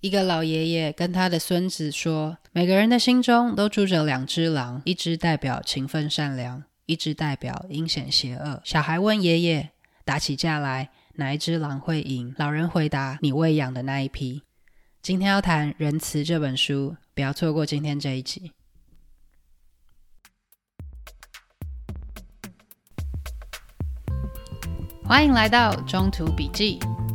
一個老爺爺跟他的孫子說：“每個人的心中都住着兩隻狼，一隻代表勤奮善良，一隻代表陰險邪惡。”小孩問爺爺：“打起架來，哪一隻狼會贏？”老人回答：“你餵養的那一批。”今天要談《人慈》這本書，不要錯過今天這一集。歡迎來到中途筆記。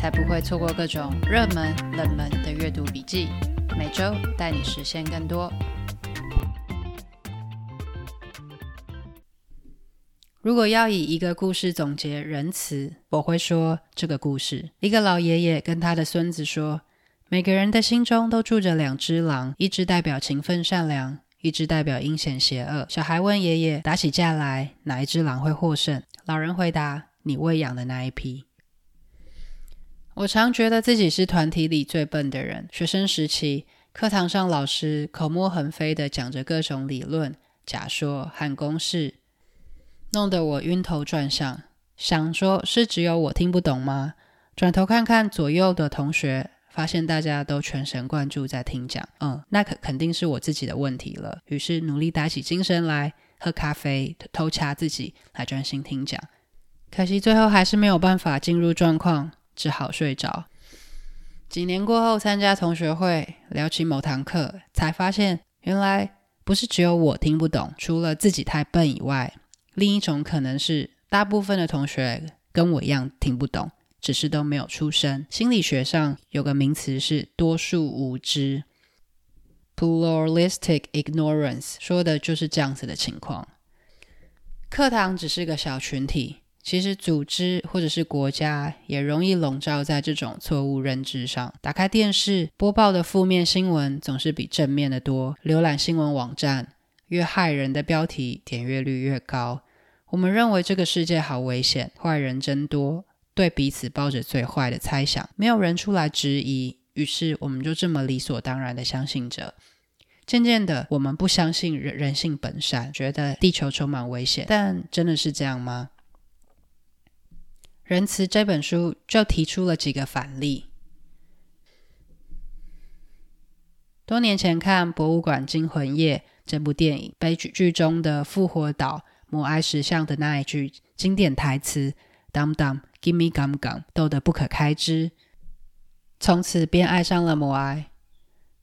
才不會錯過各種熱門、冷門的閱讀筆記，每周帶你實現更多。如果要以一個故事總結人慈，我會說這個故事：一個老爺爺跟他的孫子說，每個人的心中都住着兩隻狼，一隻代表勤奮善良，一隻代表陰險邪惡。小孩問爺爺，打起架來哪一隻狼會獲勝？老人回答：你餵養的那一匹。我常覺得自己是團體裡最笨的人。學生時期，課堂上老師口沫橫飛地講着各種理論、假說和公式，弄得我暈頭轉向。想說是只有我聽不懂嗎？轉頭看看左右的同學，發現大家都全神貫注在聽講。嗯，那肯肯定是我自己的問題了。於是努力打起精神來，喝咖啡，偷掐自己，來專心聽講。可惜最後還是沒有辦法進入狀況。只好睡着。幾年過後，參加同學會，聊起某堂課，才發現原來不是只有我聽不懂，除了自己太笨以外，另一種可能是大部分的同學跟我一樣聽不懂，只是都沒有出聲。心理學上有個名詞是多數無知 （pluralistic ignorance），說的就是這樣子的情況。課堂只是個小群體。其實，組織或者是國家也容易籠罩在這種錯誤認知上。打開電視，播報的負面新聞總是比正面的多。瀏覽新聞網站，越駭人的標題點閱率越高。我們認為這個世界好危險，壞人真多，對彼此抱着最壞的猜想，沒有人出來質疑，於是我們就這麼理所當然的相信着。漸漸的，我們不相信人人性本善，覺得地球充滿危險。但真的是這樣嗎？《人慈》這本書就提出了幾個反例。多年前看《博物館驚魂夜》這部電影，被劇中的復活島摩埃石像的那一句經典台詞 “Dumb dumb, give me gum gum”，鬥得不可開交」，從此便愛上了摩埃。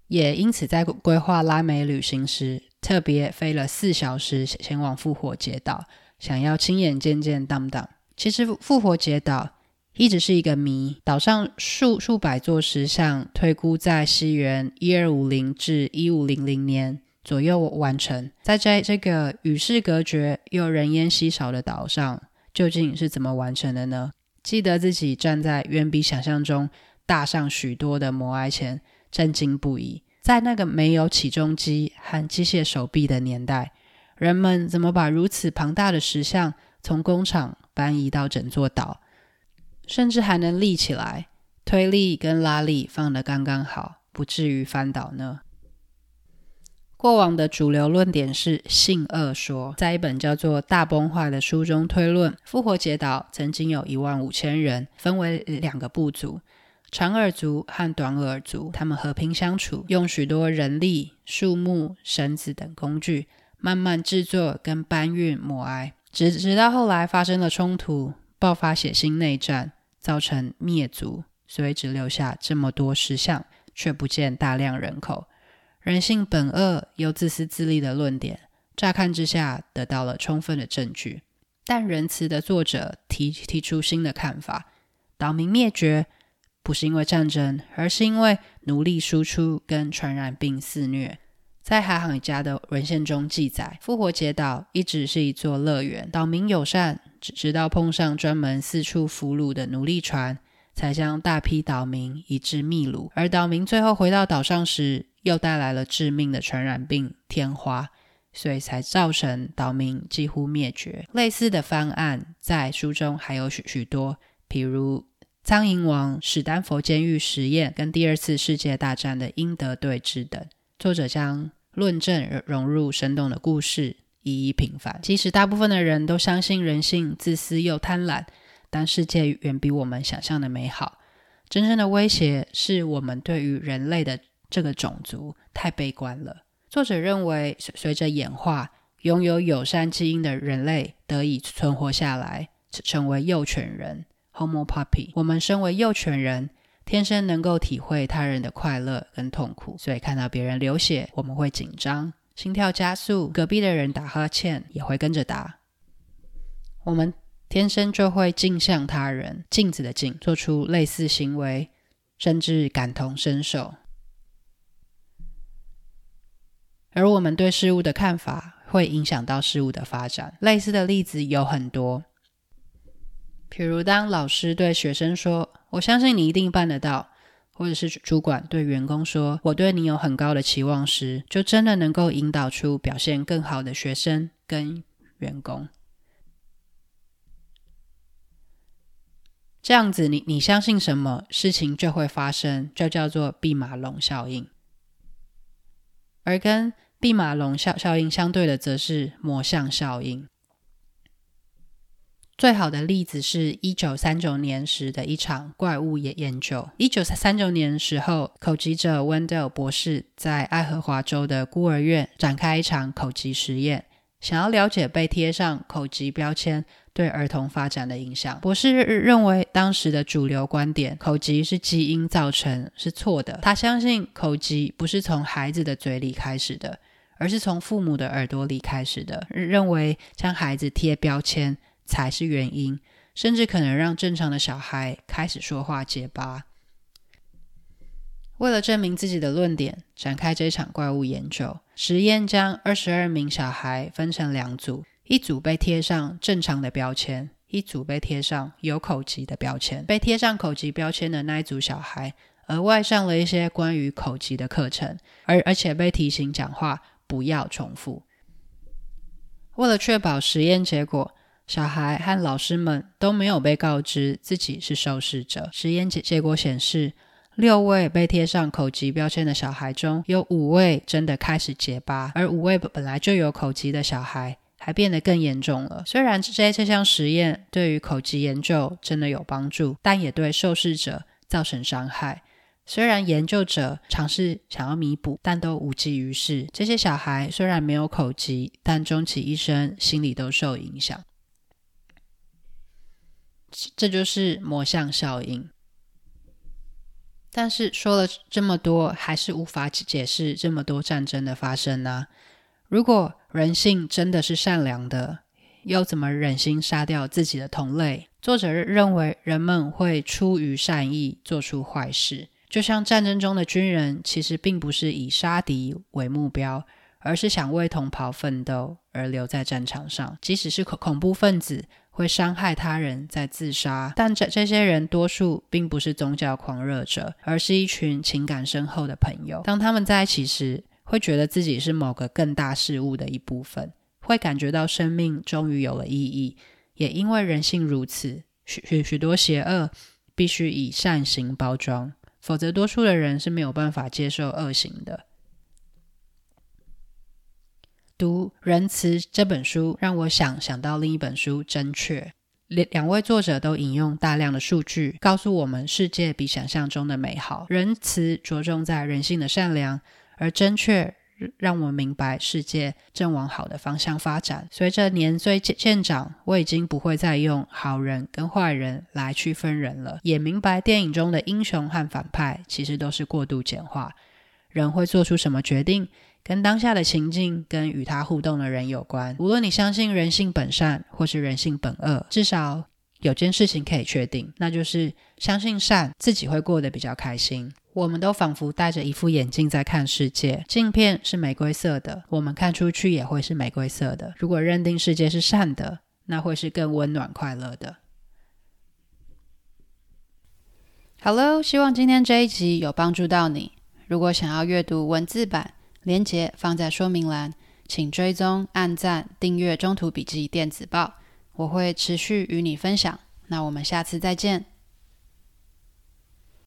也因此在規劃拉美旅行時，特別飛了四小時前往復活節島，想要親眼見見 “Dumb dumb”。其實復活節島一直是一個謎。島上數數百座石像，推估在西元一二五零至一五零零年左右完成。在這這個與世隔絕又人煙稀少的島上，究竟是怎麼完成的呢？記得自己站在遠比想象中大上許多的摩埃前，震驚不已。在那個沒有起重機和機械手臂的年代，人們怎麼把如此龐大的石像？從工廠搬移到整座島，甚至還能立起來。推力跟拉力放得剛剛好，不至於翻倒呢。過往的主流論點是性惡說，在一本叫做《大崩壞》的書中推論，復活節島曾經有一萬五千人，分為兩個部族，長耳族和短耳族。他們和平相處，用許多人力、樹木、繩子等工具，慢慢制作跟搬運摩埃。直直到後來發生了衝突，爆發血腥內戰，造成滅族，所以只留下這麼多石像，卻不見大量人口。人性本惡又自私自利的論點，乍看之下得到了充分的證據。但仁慈的作者提提出新的看法：島民滅絕不是因為戰爭，而是因為奴隸輸出跟傳染病肆虐。在航海家的文獻中記載，復活節島一直是一座樂園，島民友善，直到碰上專門四處俘虜的奴隸船，才將大批島民移至秘魯。而島民最後回到島上時，又帶來了致命的傳染病天花，所以才造成島民幾乎滅絕。類似的方案在書中還有許許多，比如蒼蠅王、史丹佛監獄實驗、跟第二次世界大戰的英德對峙等。作者將論證而融入生動的故事，一一平反。其實，大部分的人都相信人性自私又貪婪，但世界遠比我們想象的美好。真正的威脅是我們對於人類的這個種族太悲觀了。作者認為，隨,隨着演化，擁有友善基因的人類得以存活下來，成為幼犬人 （Homo Puppy）。我們身為幼犬人。天生能夠體會他人的快樂跟痛苦，所以看到別人流血，我們會緊張，心跳加速；隔壁的人打哈欠，也會跟着打。我們天生就會鏡像他人，鏡子的鏡，做出類似行為，甚至感同身受。而我們對事物的看法，會影響到事物的發展。類似的例子有很多。比如，當老師對學生說“我相信你一定辦得到”，或者是主管對員工說“我對你有很高的期望”時，就真的能夠引導出表現更好的學生跟員工。這樣子你，你你相信什麼事情就會發生，就叫做畢馬龍效應。而跟畢馬龍效效應相對的，則是魔像效應。最好的例子是一九三九年時的一場怪物研研究。一九三九年時候，口吃者溫德爾博士在愛荷華州的孤兒院展開一場口吃實驗，想要了解被貼上口吃標籤對兒童發展的影響。博士認為當時的主流觀點，口吃是基因造成，是錯的。他相信口吃不是從孩子的嘴裡開始的，而是從父母的耳朵裡開始的。認為將孩子貼標籤。才是原因，甚至可能讓正常的小孩開始說話結巴。為了證明自己的論點，展開這場怪物研究實驗，將二十二名小孩分成兩組，一組被貼上正常的標籤，一組被貼上有口吃的標籤。被貼上口吃標籤的那一組小孩，額外上了一些關於口吃的課程，而而且被提醒講話不要重複。為了確保實驗結果。小孩和老師們都沒有被告知自己是受試者。實驗結結果顯示，六位被貼上口吃標籤的小孩中有五位真的開始結巴，而五位本來就有口吃的小孩還變得更嚴重了。雖然這這項實驗對於口吃研究真的有幫助，但也對受試者造成傷害。雖然研究者嘗試想要彌補，但都無濟於事。這些小孩雖然沒有口吃，但終其一生心理都受影響。這就是魔像效應。但是說了這麼多，還是無法解釋這麼多戰爭的發生呢、啊？如果人性真的是善良的，又怎麼忍心殺掉自己的同類？作者認為人們會出於善意做出壞事，就像戰爭中的軍人，其實並不是以殺敵為目標，而是想為同袍奮鬥而留在戰場上。即使是恐怖分子。會傷害他人，再自殺，但這這些人多數並不是宗教狂熱者，而是一群情感深厚的朋友。當他們在一起時，會覺得自己是某個更大事物的一部分，會感覺到生命終於有了意義。也因為人性如此，許許許多邪惡必須以善行包裝，否則多數的人是沒有辦法接受惡行的。讀《人慈》這本書，讓我想想到另一本書《真確》。兩兩位作者都引用大量的數據，告訴我們世界比想象中的美好。人慈着重在人性的善良，而真確讓我明白世界正往好的方向發展。隨着年歲漸長，我已經不會再用好人跟壞人來區分人了，也明白電影中的英雄和反派其實都是過度簡化。人會做出什麼決定？跟當下的情境，跟與他互動的人有關。無論你相信人性本善，或是人性本惡，至少有件事情可以確定，那就是相信善，自己會過得比較開心。我們都仿佛戴着一副眼鏡在看世界，鏡片是玫瑰色的，我們看出去也會是玫瑰色的。如果認定世界是善的，那會是更溫暖、快樂的。Hello，希望今天這一集有幫助到你。如果想要閱讀文字版，連接放在說明欄，請追蹤、按讚、訂閱《中途筆記電子報》，我會持續與你分享。那我們下次再見。